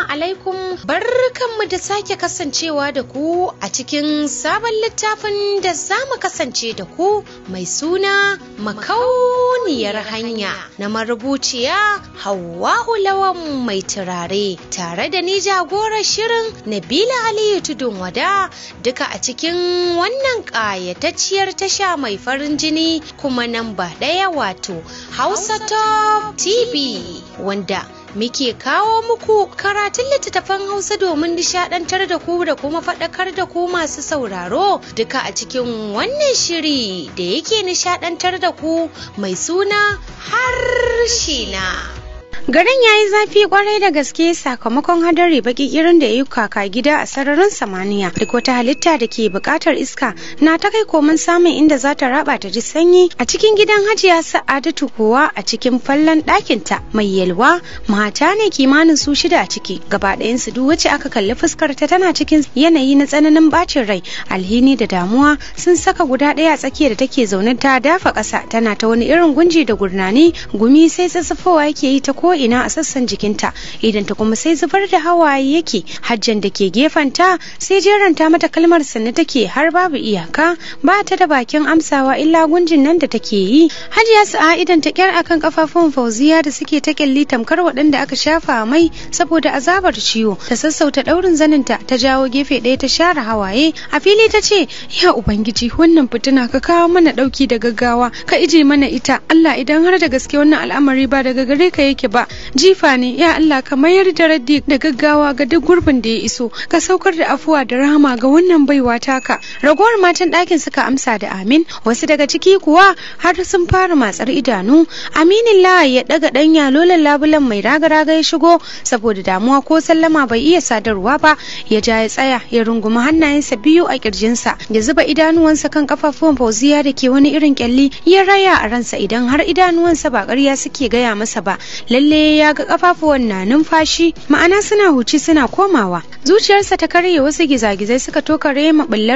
Assalamu alaikum barkanmu da sake kasancewa da ku a cikin sabon littafin da za mu kasance da ku mai suna makauniyar hanya na marubuciya Hauwa'u Lawan mai turare tare da ni jagorar shirin Nabila Aliyu Tudun Wada duka a cikin wannan ƙayatacciyar tasha mai farin jini kuma nan ba ɗaya wato Hausa Top TV wanda muke kawo muku karatun littattafan Hausa domin nishadantar da ku da kuma faɗakar da ku masu sauraro duka a cikin wannan shiri da yake nishadantar da ku mai suna harshe na. Garin ya yi zafi kwarai da gaske sakamakon hadari irin da ya yi kaka gida a sararin samaniya. Duk wata halitta da ke bukatar iska na ta kai komin samun inda za ta raba ta ji sanyi a cikin gidan hajiya sa'adatu kowa a cikin fallon ta mai yalwa mata ne kimanin su shida a ciki. Gaba ɗayansu duk wacce aka kalli fuskar ta tana cikin yanayi na tsananin bacin rai alhini da damuwa sun saka guda ɗaya a tsakiya da take zaune ta dafa ƙasa tana ta wani irin gunji da gurnani gumi sai tsatsafowa yake yi ta ko Ina a sassan jikinta idan ta kuma sai zubar da hawaye yake hajjan da ke gefanta sai jeranta mata kalmar sannu take har babu iyaka ba ta da bakin amsawa illa gunjin nan da take yi hajiya sa'a idan ta kyar akan kafafun fauziya da suke ta kyalli tamkar waɗanda aka shafa mai saboda azabar ciwo ta sassauta daurin zaninta ta jawo gefe ɗaya ta share hawaye a fili ta ce ya ubangiji wannan fitina ka kawo mana ɗauki da gaggawa ka ije mana ita Allah idan har da gaske wannan al'amari ba daga gare ka yake ba jifa ne ya Allah ka mayar da raddi da gaggawa ga duk gurbin da ya iso ka saukar da afuwa da rahama ga wannan baiwa taka ragowar matan ɗakin suka amsa da amin wasu daga ciki kuwa har sun fara matsar idanu aminin la ya daga ɗanya lolan labulan mai raga-raga ya shigo saboda damuwa ko sallama bai iya sadarwa ba ya ja ya tsaya ya runguma hannayensa biyu a kirjinsa ya zuba idanuwansa kan kafafuwan fauziya da ke wani irin kyalli ya raya a ransa idan har idanuwansa ba karya suke gaya masa ba lalle kalle ya ga kafafuwan na numfashi ma'ana suna huci suna komawa zuciyarsa ta karye wasu gizagizai suka tokare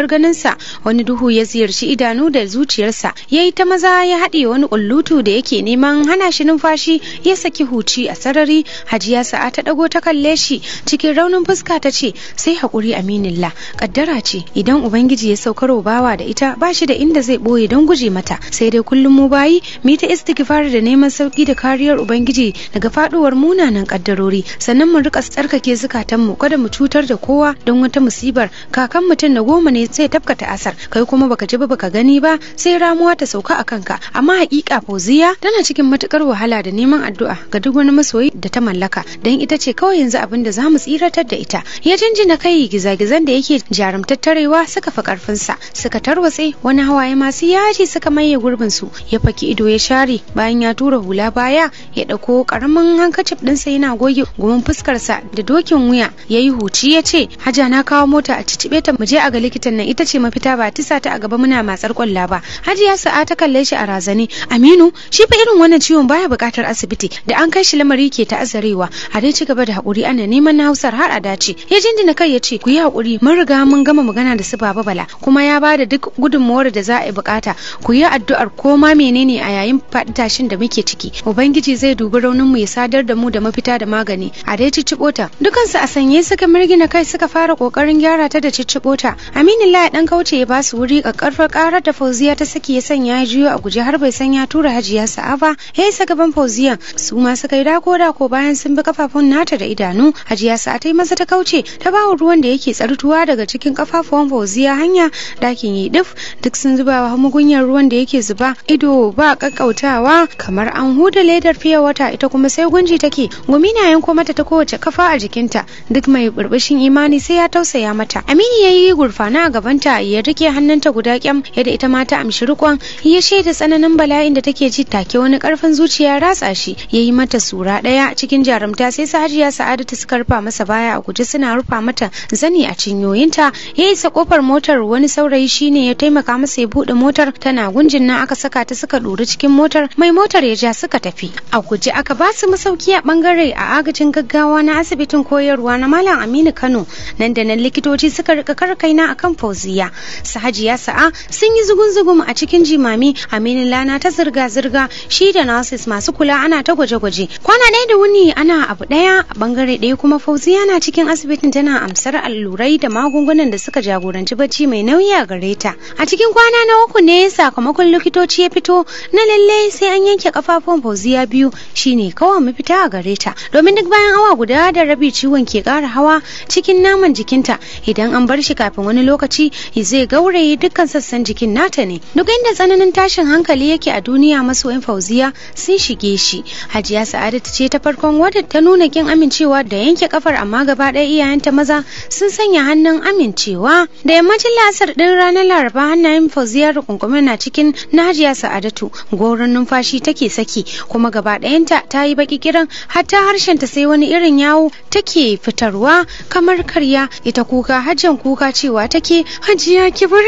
ganin sa wani duhu ya ziyarci idanu da zuciyarsa ya yi ta maza ya haɗe wani ƙullutu da yake neman hana shi numfashi ya saki huci a sarari hajiya sa'a ta ɗago ta kalle shi cikin raunin fuska ta ce sai haƙuri aminillah ƙaddara ce idan ubangiji ya saukar bawa da ita ba shi da inda zai ɓoye don guje mata sai dai kullum mu bayi mu ta istighfar da neman sauki da kariyar ubangiji daga daga faduwar munanan kaddarori sannan mu rika tsarkake mu. kada mu cutar da kowa don wata musibar kakan mutum na goma ne sai tafkata asar kai kuma baka ji ba baka gani ba sai ramuwa ta sauka a kanka amma hakika foziya tana cikin matukar wahala da neman addu'a ga duk wani masoyi da ta mallaka don ita ce kawai yanzu abin da zamu tsiratar da ita ya jinjina kai gizagizan da yake jarumtattarewa suka fi karfinsa suka tarwatse wani hawaye masu yaji suka maye gurbin su ya faki ido ya share bayan ya tura hula baya ya ɗauko karamin karamin hankacif sai yana goge gumin sa. da dokin wuya ya yi huci ya ce haja na kawo mota a cicibe ta mu je a ga likitan nan ita ce mafita ba tisa ta a gaba muna matsar kwalla ba haji ya sa'a ta kalle shi a razani. aminu shi fa irin wannan ciwon baya buƙatar asibiti da an kai shi lamari ke ta azarewa a dai ci gaba da haƙuri ana neman na hausar har a dace ya jinjina kai ya ce ku yi haƙuri mun riga mun gama magana da su baba bala kuma ya ba da duk gudunmawar da za a yi buƙata ku yi addu'ar koma menene a yayin faɗi tashin da muke ciki ubangiji zai dubi raunin mu ya sadar da mu da mafita da magani a dai cicciɓo dukansu a sanye suka na kai suka fara kokarin gyara ta da ciccibota aminu la dan kauce ya basu wuri kakkarfar karar da fauziya ta saki ya sanya ya jiyo a guje har bai san ya tura hajiya sa'a ba ya isa gaban fauziya su ma suka yi dako dako bayan sun bi kafafun nata da idanu hajiya sa'a ta yi masa ta kauce ta bawa ruwan da yake tsartuwa daga cikin kafafun fauziya hanya dakin yi dif duk sun zuba wa mugunyar ruwan da yake zuba ido ba kakkautawa kamar an huda ledar fiye wata ita kuma sai gunji take gumi na yanko mata ta kowace kafa a jikinta duk mai burbushin imani sai ya tausaya mata Amini ya yi gurfana a gabanta ya rike hannunta guda kyam yadda ita ma ta amshi rukon ya shaida tsananin bala'in da take ji take wani karfin zuciya ratsa shi ya yi mata sura ɗaya. cikin jarumta sai sahajiya sa'adatu suka rufa masa baya a guje suna rufa mata zani a cinyoyinta ya isa kofar motar wani saurayi shine ya taimaka masa ya buɗe motar tana gunjin na aka saka ta suka ɗori cikin motar mai motar ya ja suka tafi a guje aka ba wasu masauki a bangare a agajin gaggawa na asibitin koyarwa na Malam Aminu Kano nan da nan likitoci suka rika karkaina akan Fauziya. Su Hajiya Sa'a sun yi zugun-zugun a cikin jimami Aminu Lana ta zirga-zirga shi da nurses masu kula ana ta gwaje-gwaje. Kwana ɗaya da wuni ana abu ɗaya a bangare ɗaya kuma Fauziya na cikin asibitin tana amsar allurai da magungunan da suka jagoranci bacci mai nauyi a gare ta. A cikin kwana na uku ne sakamakon likitoci ya fito na lalle sai an yanke kafafun Fauziya biyu shine kawai bawa mafita a gare ta domin duk bayan awa guda da rabi ciwon ke kara hawa cikin naman jikinta idan an bar shi kafin wani lokaci zai gauraye dukkan sassan jikin nata ne duk inda tsananin tashin hankali yake a duniya masoyin fauziya sun shige shi hajiya sa'adatu ce ta farkon wadda ta nuna kin amincewa da yanke kafar amma gaba ɗaya iyayenta maza sun sanya hannun amincewa da yammacin lasar din ranar laraba hannayen fauziya rukunkume na cikin na hajiya sa'adatu goron numfashi take saki kuma gaba ɗayanta ta yi baki kiran hatta harshen ta sai wani irin yawo take fitarwa kamar karya ita kuka hajjan kuka cewa take hajiya ki bar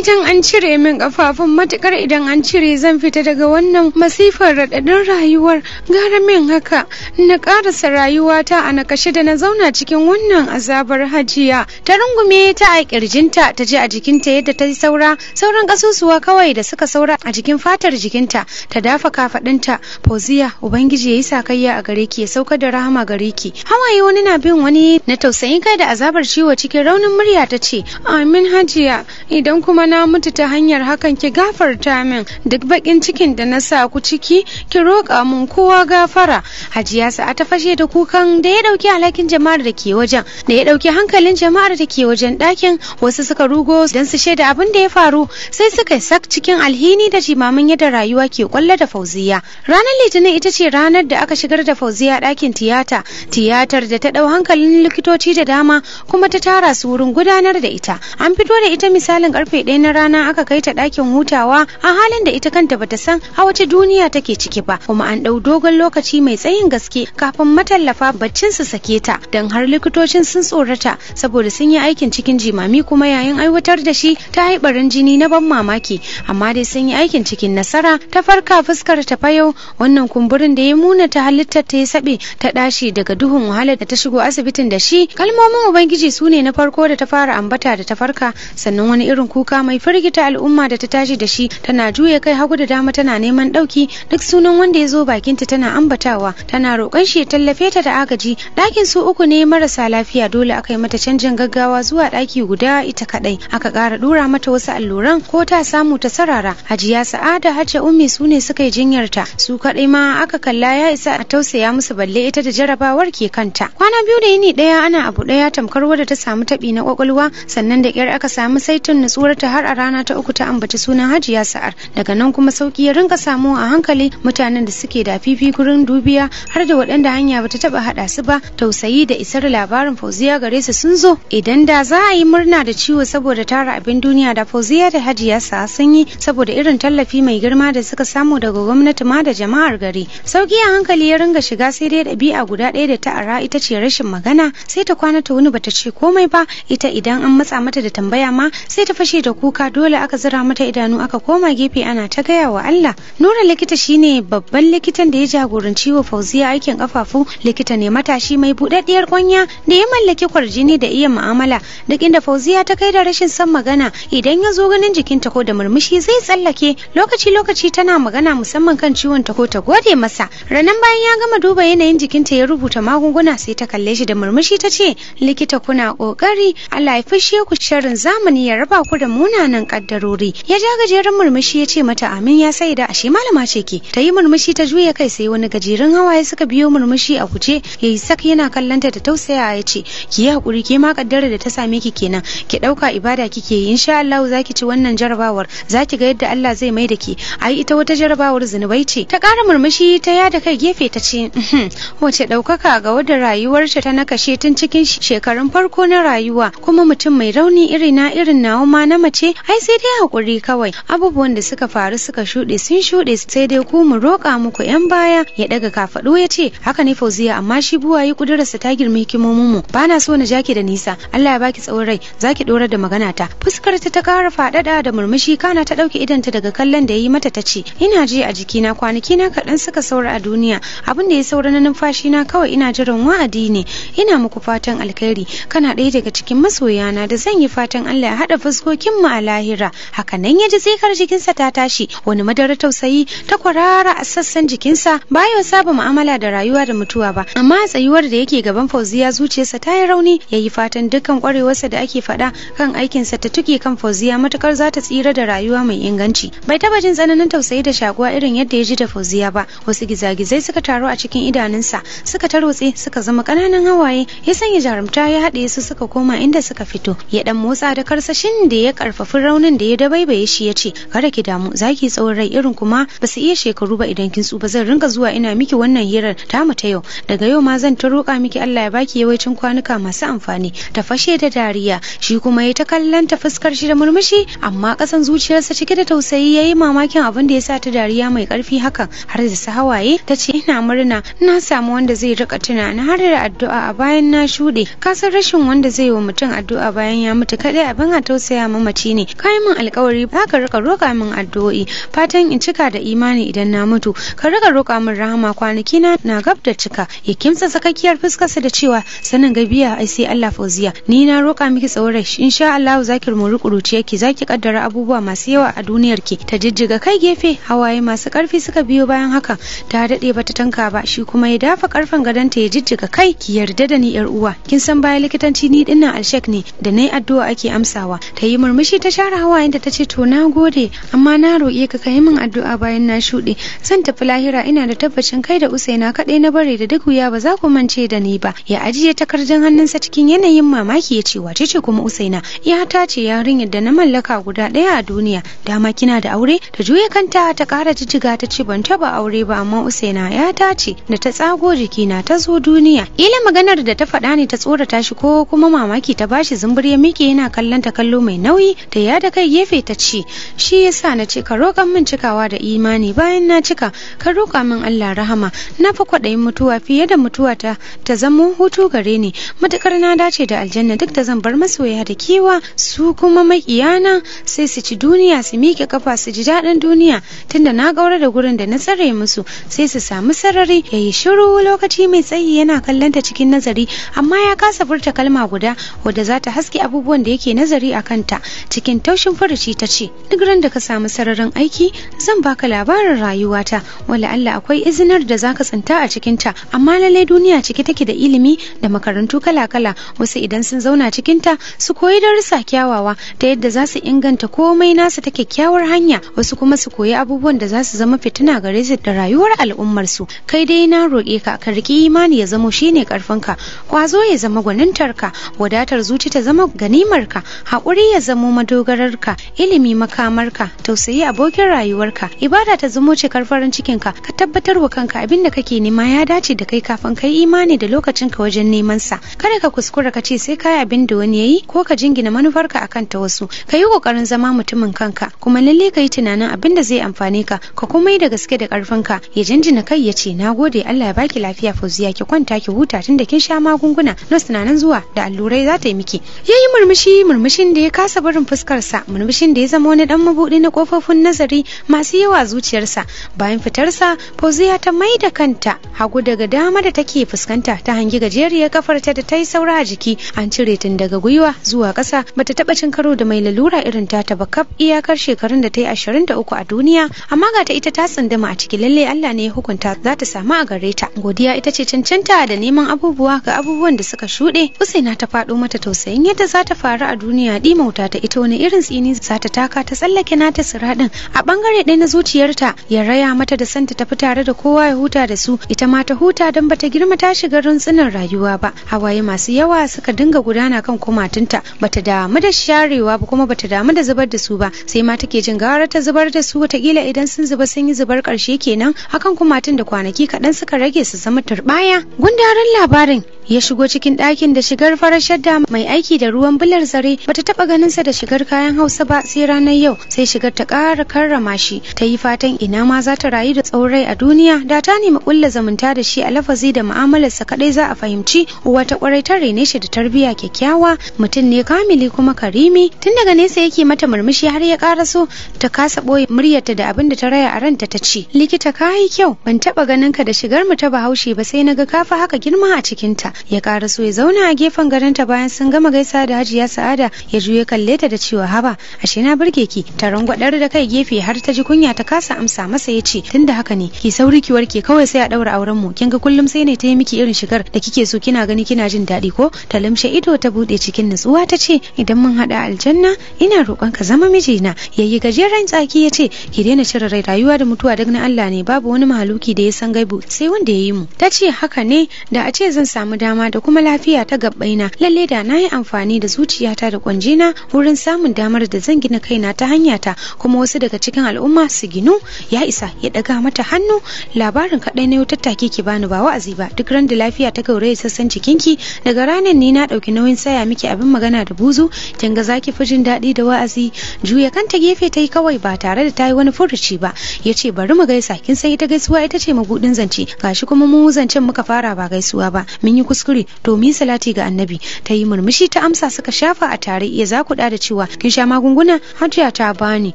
idan an cire min kafafun matukar idan an cire zan fita daga wannan masifar radadin rayuwar gara min haka na karasa rayuwata a nakashe da na zauna cikin wannan azabar hajiya ta rungume ta a kirjinta ta je a jikinta yadda ta saura sauran kasusuwa kawai da suka saura a jikin fatar jikinta ta dafa kafadinta fauziya ubangiji ya yi sakayya a gare ki ya sauka da rahama gare ki hawaye wani na bin wani na tausayin kai da azabar ciwo cikin raunin murya ta ce amin hajiya idan kuma na mutu ta hanyar hakan ki gafarta min duk bakin cikin da na sa ku ciki ki roƙa mun kowa gafara hajiya sa'a ta fashe da kukan da ya dauki alhakin jama'ar da ke wajen da ya dauki hankalin jama'ar da ke wajen ɗakin wasu suka rugo don su shaida abin da ya faru sai suka sak cikin alhini da jimamin yadda rayuwa ke kwalla da fauziya ranar litinin ita ce ranar da aka shigar da fauziya ɗakin tiyata tiyatar da ta ɗau hankalin likitoci da dama kuma ta tara su wurin gudanar da ita an fito da ita misalin karfe ɗaya na rana aka kai ta ɗakin hutawa a halin da ita kanta bata san a wace duniya take ciki ba kuma an ɗau dogon lokaci mai tsayin gaske kafin matallafa baccin su sake ta don har likitocin sun tsorata saboda sun yi aikin cikin jimami kuma yayin aiwatar da shi ta yi barin jini na ban mamaki amma dai sun yi aikin cikin nasara ta farka fuskar ta fayau wannan kumburin da ya muna nuna ta halitta ta yi saɓe ta ɗashi daga duhun wahalar da ta shigo asibitin da shi kalmomin ubangiji su ne na farko da ta fara ambata da ta farka sannan wani irin kuka mai firgita al'umma da ta tashi da shi tana juya kai hagu da dama tana neman ɗauki duk sunan wanda ya zo bakinta tana ambatawa tana roƙon shi ya tallafe ta da agaji ɗakin su uku ne marasa lafiya dole aka yi mata canjin gaggawa zuwa ɗaki guda ita kaɗai aka ƙara ɗura mata wasu alluran ko ta samu ta sarara hajiya sa'ada hajja ummi su ne suka yi jinyarta su kaɗai ma aka kalla ya ya sa a tausaya musu balle ita da jarabawar ke kanta kwana biyu da yini daya ana abu daya tamkar wadda ta samu taɓi na kwakwalwa sannan da kyar aka samu saitin nutsuwar ta har a rana ta uku ta ambaci sunan hajiya sa'ar daga nan kuma sauki ya rinka samu a hankali mutanen da suke da fifi gurin dubiya har da waɗanda hanya bata taba haɗa su ba tausayi da isar labarin fauziya gare su sun zo idan da za a yi murna da ciwo saboda tara abin duniya da fauziya da hajiya sa sun yi saboda irin tallafi mai girma da suka samu daga gwamnati ma da jama'ar gari sauki a hankali ya ringa shiga sai dai ɗabi'a guda ɗaya da ta ara ita ce rashin magana sai ta kwana ta wuni bata ce komai ba ita idan an matsa mata da tambaya ma sai ta fashe da kuka dole aka zira mata idanu aka koma gefe ana ta gaya wa Allah Nura likita shine babban likitan da ya jagoranci wa Fauziya aikin kafafu likita ne matashi mai buɗaɗɗiyar kwanya da ya mallaki kwarjini da iya mu'amala duk inda Fauziya ta kai da rashin son magana idan ya zo ganin jikinta ko da murmushi zai tsallake lokaci lokaci tana magana musamman kan ciwon ta ko ta gode masa Rana Nan bayan ya gama duba yanayin jikinta ya rubuta magunguna sai ta kalle shi da murmushi ta ce, "Likita kuna kokari, Allah ya fushe ku sharrin zamani ya raba ku da munanan kaddarori." Ya ja gajeren murmushi ya ce mata, "Amin ya sai da ashe malama ce ke." Ta yi murmushi ta juya kai sai wani gajeren hawaye suka biyo murmushi a ya yi sak yana kallanta da tausaya ya ce, "Ki yi hakuri ke ma kaddara da ta same ki kenan, ki dauka ibada kike yi insha Allah ki ci wannan jarabawar, ki ga yadda Allah zai mai da ki." Ai ita wata jarabawar zinubai ce. Ta kara murmushi ta da kai gefe ta ce uhm, wace ɗaukaka ga wadda rayuwarta ta na kashe tun cikin shekarun farko na rayuwa kuma mutum mai rauni iri na irin nawa ma na mace ai sai dai hakuri kawai abubuwan da suka faru suka shuɗe sun shuɗe sai dai ku mu roƙa muku yan baya ya daga kafaɗo ya ce haka ne fauziya amma shi buwaye ƙudurarsa ta girmi hikimomin mu ba na so na ja ki da nisa Allah ya baki tsawon rai zaki dora da magana ta fuskar ta ta ƙara faɗaɗa da murmushi kana ta idon ta daga kallon da yi mata ta ce ina ji a jikina kwanaki na kaɗan suka saura a duniya duniya abin da ya saura na numfashi na kawai ina jiran wa'adi ne ina muku fatan alkhairi kana ɗaya daga cikin masoyana da zan yi fatan Allah ya haɗa fuskokin mu a lahira haka nan ya ji tsikar jikinsa ta tashi wani madara tausayi ta kwarara a sassan jikinsa ya saba mu'amala da rayuwa da mutuwa ba amma tsayuwar da yake gaban fauziya zuciyarsa ta yi rauni ya yi fatan dukkan kwarewarsa da ake faɗa kan aikinsa ta tuke kan fauziya matukar za ta tsira da rayuwa mai inganci bai taba jin tsananin tausayi da shakuwa irin yadda ya ji da fauziya ba wasu gizagiza zai suka taru a cikin idanunsa suka tarwatse suka zama kananan hawaye ya sanya jarumta ya haɗe su suka koma inda suka fito ya dan motsa da karsashin da ya karfafi raunin da ya dabaibaye shi ya ce kada ki damu za zaki tsawon rai irin kuma ba su iya shekaru ba idan kin tsuba zan rinka zuwa ina miki wannan hirar ta mu ta yau daga yau ma zan ta roƙa miki Allah ya baki yawancin kwanuka masu amfani ta fashe da dariya shi kuma ya ta kallon ta fuskar shi da murmushi amma kasan zuciyarsa cike da tausayi ya yi mamakin abin da ya sa ta dariya mai karfi hakan har da su hawaye ta ce ina murna na samu wanda zai rika tunani har da addu'a a bayan na shuɗe kasan rashin wanda zai wa mutum addu'a bayan ya mutu kadai abin a tausaya mamaci ne kai min alkawari ba ka rika roƙa min addu'o'i fatan in cika da imani idan na mutu ka rika roƙa min rahama kwanaki na na gab da cika ya kimsa sakakkiyar fuskarsa da cewa sanin gabiya ai sai Allah fauziya ni na roƙa miki tsaurash insha Allah zaki rumuri kuruciyarki zaki kaddara abubuwa masu yawa a duniyarki ta jijjiga kai gefe hawaye masu ƙarfi suka biyo bayan hakan ta daɗe bata tanka ba shi kuma ya dafa karfen gadonta ya jijjiga kai ki yarda da ni yar uwa kin san bayan likitanci ni dinnan alshek ne da nayi addu'a ake amsawa ta yi murmushi ta share hawayenta ta ce to na gode amma na roƙe ka kai min addu'a bayan na shuɗe san tafi lahira ina da tabbacin kai da usaina kaɗai na bare da duk wuya ba za ku mance da ni ba ya ajiye takardun hannunsa cikin yanayin mamaki ya ce wace ce kuma usaina ya ta ce yarinyar da na mallaka guda ɗaya a duniya dama kina da aure ta juya kanta ta kara jijjiga ta ce ban taba aure ba amma usaina na ya ce da ta tsago jiki na ta zo duniya ila maganar da ta faɗa ne ta tsorata shi ko kuma mamaki ta bashi zumbur ya miƙe yana kallon ta kallo mai nauyi ta ya da kai gefe ta ce shi yasa na ce ka roƙan min cikawa da imani bayan na cika ka roƙa min Allah rahama na fi kwaɗayin mutuwa fiye da mutuwa ta ta zamo hutu gare ni matukar na dace da aljanna duk da zan bar masoya da kiwa su kuma makiyana sai su ci duniya su miƙe kafa su ji daɗin duniya tunda na gaura da gurin da na tsare musu sai su samu sarari ya yi shiru lokaci mai tsayi yana kallonta cikin nazari amma ya kasa furta kalma guda wadda za ta haske abubuwan da yake nazari a kanta cikin taushin furuci ta ce duk ran da ka samu sararin aiki zan baka labarin rayuwata wala Allah akwai izinar da zaka tsinta a cikin cikinta amma lallai duniya ciki take da ilimi da makarantu kala-kala wasu idan sun zauna cikin ta su koyi darussa kyawawa ta yadda za su inganta komai nasu ta kyakkyawar hanya wasu kuma su koyi abubuwan da za su zama fitina gare su da rayuwar al'umma tuhumar su kai dai na roƙe ka ka riƙi imani ya zamo shine karfinka kwazo ya zama gwanintarka wadatar zuci ta zama ganimarka haƙuri ya zamo madogararka ilimi makamarka tausayi abokin rayuwarka ibada ta zamo ce farin cikinka ka tabbatar wa kanka abin da kake nema ya dace da kai kafin kai imani da lokacinka wajen neman sa kada ka kuskura ka ce sai kai abin da wani yayi ko ka jingina manufarka akan ta wasu ka yi kokarin zama mutumin kanka kuma lalle ka yi tunanin abin da zai amfane ka ka kuma yi da gaske da ƙarfinka ya jinjina kai ya ce na gode Allah ya baki lafiya fauziya ki kwanta ki huta tun da kin sha magunguna na nan zuwa da allurai za ta yi miki yayi murmushi murmushin da ya kasa barin fuskarsa murmushin da ya zama wani dan mabudi na kofofin nazari masu yawa zuciyarsa bayan fitarsa fauziya ta mai da kanta hagu daga dama da take fuskanta ta hangi gajeriyar kafar ta da ta yi saura a jiki an cire tun daga gwiwa zuwa kasa bata taba cin karo da mai lalura irin ta ta bakaf iyakar shekarun da ta yi ashirin da uku a duniya amma ga ta ita ta tsunduma a ciki lalle Allah ne ya hukunta ta za ta samu a gare ta godiya ita ce cancanta da neman abubuwa ga abubuwan da suka shuɗe usaina ta faɗo mata tausayin yadda za ta faru a duniya ɗimauta ta ita wani irin tsini za ta taka ta tsallake nata siraɗin a ɓangare ɗaya na zuciyarta ya raya mata da santa tafi tare da kowa ya huta da su ita ma ta huta don bata girma ta shiga runsunan rayuwa ba hawaye masu yawa suka dinga gudana kan kumatunta bata damu da sharewa ba kuma bata damu da zubar da su ba sai ma take jin gawar ta zubar da su wataƙila idan sun zuba sun yi zubar ƙarshe kenan hakan kumatun lokacin da kwanaki kaɗan suka rage su zama turɓaya gundarin labarin ya shigo cikin ɗakin da shigar farar shadda mai aiki da ruwan bular zare bata taɓa ganin sa da shigar kayan hausa ba sai ranar yau sai shigar ta ƙara karrama shi ta yi fatan ina ma za ta rayu da tsaurai a duniya da ta nemi ƙulla zumunta da shi a lafazi da mu'amalarsa kaɗai za a fahimci uwa ta ƙwarai ta rene shi da tarbiyya kyakkyawa mutum ne kamili kuma karimi tun daga nesa yake mata murmushi har ya so ta kasa ɓoye muryarta da abin da ta raya a ranta ta ce likita ka yi kyau ban taba ganin ka da shigar mu ta bahaushe ba sai naga ka fa haka girma a cikin ta ya ƙara so ya zauna a gefen garin ta bayan sun gama gaisa da hajiya sa'ada ya juye kalle ta da cewa haba ashe na burge ki ta rangwadar da kai gefe har ta ji kunya ta kasa amsa masa ya ce tunda haka ne ki sauri ki warke kawai sai a daura auren mu kin ga kullum sai ne ta yi miki irin shigar da kike so kina gani kina jin daɗi ko ta limshe ido ta bude cikin nutsuwa ta ce idan mun hada aljanna ina roƙon ka zama mijina yayi gajeren tsaki ya ce ki daina cire rai rayuwa da mutuwa duk na Allah ne babu wani mahalu aiki da ya san gaibu sai wanda ya yi mu ta ce haka ne da a ce zan samu dama da kuma lafiya ta gabbaina lalle da na yi amfani da zuciyata da kwanjina wurin samun damar da zan gina kaina ta hanyata kuma wasu daga cikin al'umma su ginu ya isa ya daga mata hannu labarin kaɗai na yau tattaki ki bani ba wa'azi ba duk ran da lafiya ta gauraye sassan jikinki daga ranar ne na ɗauki nauyin saya miki abin magana da buzu kinga zaki fi jin daɗi da wa'azi juya kanta gefe ta yi kawai ba tare da ta yi wani furuci ba ya ce bari mu gaisa kin sai ta gaisuwa ta ce gudun zance gashi kuma mu zancen muka fara ba gaisuwa ba mun yi kuskure to mi salati ga annabi ta yi murmushi ta amsa suka shafa a tare iya za ku da cewa kin sha magunguna hajiya ta bani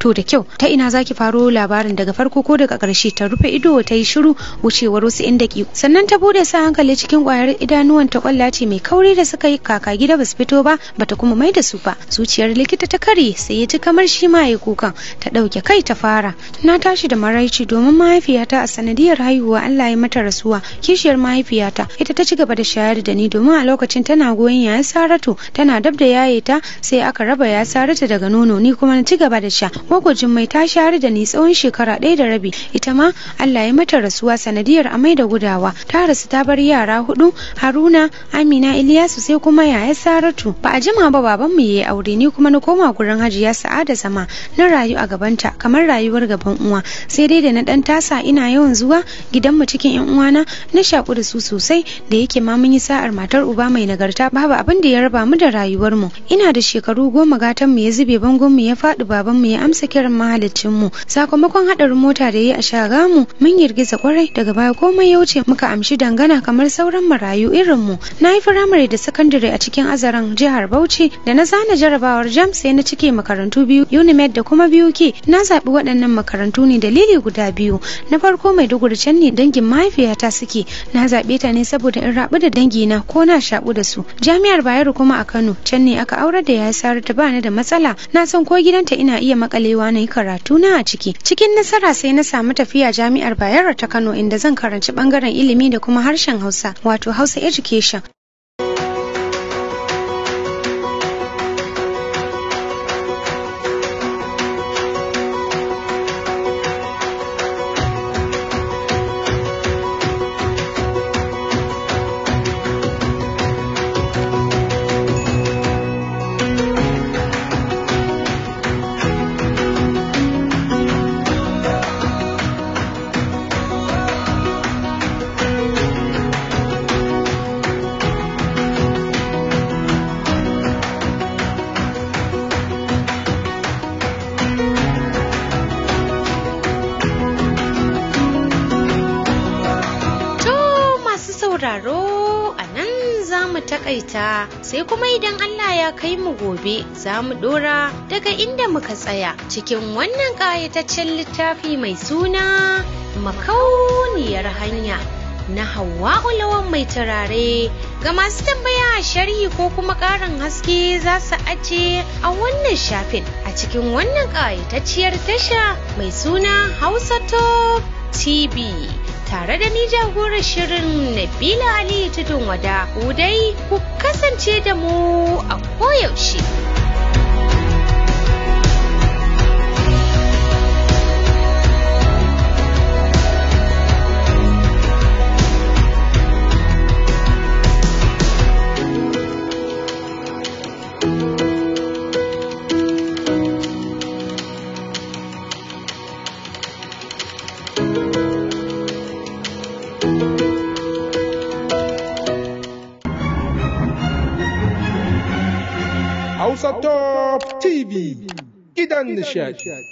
to da kyau ta ina zaki faro labarin daga farko ko daga karshe ta rufe ido ta yi shiru wucewar wasu inda ki sannan ta bude sa hankali cikin kwayar idanuwan ta kwallace mai kauri da suka yi kaka gida basu fito ba bata kuma mai da su ba zuciyar likita ta kare sai ya ji kamar shi ma ya kukan ta dauke kai ta fara na tashi da maraici domin mahaifiyata a sanadiyar haihuwa Allah ya mata rasuwa kishiyar mahaifiyata ita ta ci gaba da shayar da ni domin a lokacin tana goyon yayin Saratu tana dab da yaye ta sai aka raba ya Saratu daga nono ni kuma na ci gaba da sha magwajin mai ta shayar da ni tsawon shekara ɗaya da rabi ita ma Allah ya mata rasuwa sanadiyar amai da gudawa ta rasu ta bar yara hudu Haruna Amina Iliyasu sai kuma yayin Saratu ba a jima ba baban mu yayi aure ni kuma na koma gurin Hajiya Sa'ada zama na rayu a gabanta kamar rayuwar gaban uwa sai dai da na dan tasa ina yawan yawan zuwa gidanmu cikin yan uwana na shaku da su sosai da yake ma mun yi sa'ar matar uba mai nagarta babu abin da ya raba mu da rayuwar mu ina da shekaru goma gatan mu ya zube bangon mu ya faɗi baban mu ya amsa kiran mahalicin mu sakamakon haɗarin mota da yayi a shaga mu mun girgiza kwarai daga baya komai ya wuce muka amshi dangana kamar sauran marayu irin mu na yi firamare da sakandare a cikin azaran jihar Bauchi da na zana jarabawar jam sai na cike makarantu biyu UNIMED da kuma biyu ke na zaɓi waɗannan makarantu ne dalili guda biyu na farko maiduguri can ne dangin mahaifiyata suke na zaɓe ta ne saboda in rabu da dangi na ko na shaɓu da su jami'ar bayero kuma a kano can ne aka aurar da yayi sarar ta bani da matsala na san ko gidanta ina iya makalewa na yi karatu na a ciki cikin nasara sai na samu tafiya jami'ar bayero ta kano inda zan karanci bangaren ilimi da kuma harshen hausa wato hausa education za mu takaita sai kuma idan Allah ya kai mu gobe za mu dora daga inda muka tsaya cikin wannan ƙayataccen littafi mai suna makauniyar hanya na hawa ulawan mai turare ga masu tambaya a sharhi ko kuma ƙarin haske za su aje a wannan shafin a cikin wannan ƙayatacciyar tasha mai suna hausa top tv tare da ni jagora shirin Nabila Ali Tudun Wada. Ku dai ku kasance da mu a koyaushe. in the shed.